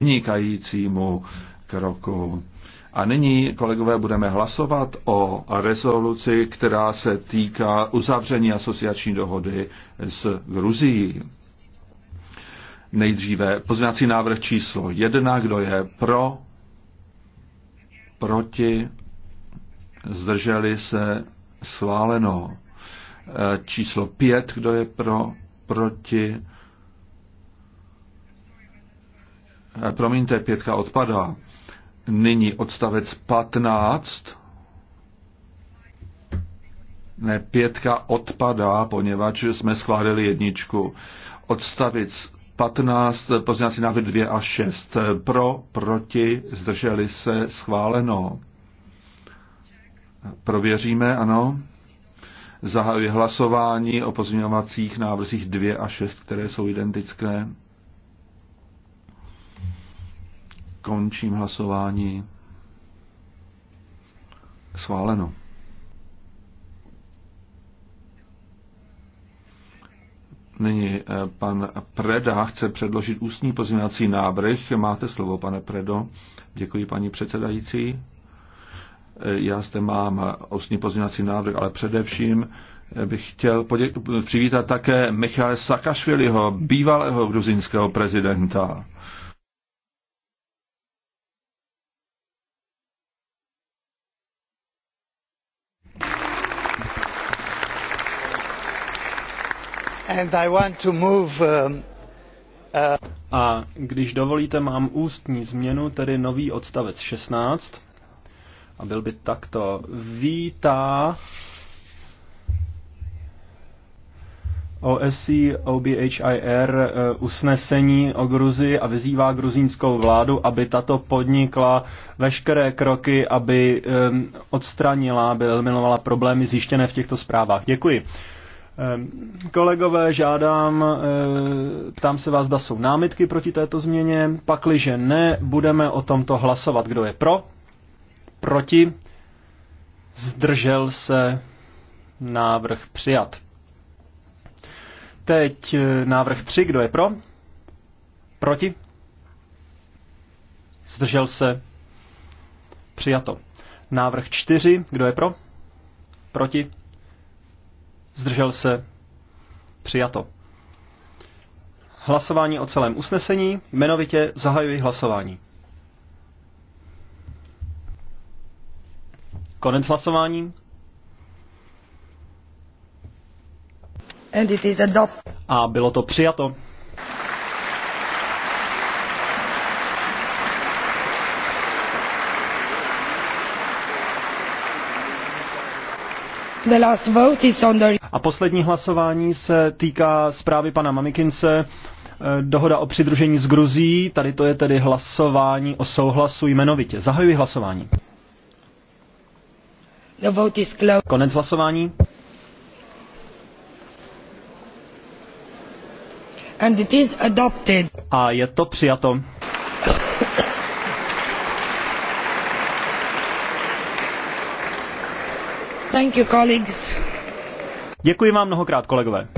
vynikajícímu kroku. A nyní, kolegové, budeme hlasovat o rezoluci, která se týká uzavření asociační dohody s Gruzií. Nejdříve pozměňovací návrh číslo jedna, kdo je pro, proti, zdrželi se, schváleno. E, číslo pět, kdo je pro, proti, Eh, promiňte, pětka odpadá. Nyní odstavec 15. Ne, pětka odpadá, poněvadž jsme schválili jedničku. Odstavec 15, eh, pozměňovací návrh 2 a 6. Eh, pro, proti, zdrželi se, schváleno. Prověříme, ano. Zahajuji hlasování o pozměňovacích návrzích 2 a 6, které jsou identické. Končím hlasování. Schváleno. Nyní eh, pan Preda chce předložit ústní pozměňovací návrh. Máte slovo, pane Predo. Děkuji, paní předsedající. Eh, já zde mám eh, ústní pozměňovací návrh, ale především bych chtěl přivítat také Michale Sakašviliho, bývalého gruzinského prezidenta. Um, a když dovolíte, mám ústní změnu, tedy nový odstavec 16. A byl by takto. Vítá OSC OBHIR eh, usnesení o Gruzii a vyzývá gruzínskou vládu, aby tato podnikla veškeré kroky, aby eh, odstranila, aby eliminovala problémy zjištěné v těchto zprávách. Děkuji. Ehm, kolegové, žádám, eh, ptám se vás, zda jsou námitky proti této změně. Pakliže ne, budeme o tomto hlasovat. Kdo je pro? Proti? Zdržel se návrh přijat. Teď eh, návrh 3, kdo je pro? Proti? Zdržel se? Přijato. Návrh 4, kdo je pro? Proti? zdržel se, přijato. Hlasování o celém usnesení, jmenovitě zahajuji hlasování. Konec hlasování. And it is a A bylo to přijato. A poslední hlasování se týká zprávy pana Mamikince, eh, dohoda o přidružení s Gruzí, tady to je tedy hlasování o souhlasu jmenovitě. Zahajuji hlasování. The vote is closed. Konec hlasování. And it is adopted. A je to přijato. Děkuji vám mnohokrát, kolegové.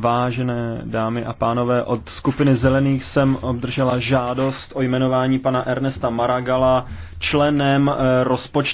Vážené dámy a pánové, od skupiny Zelených jsem obdržela žádost o jmenování pana Ernesta Maragala členem eh, rozpočtu.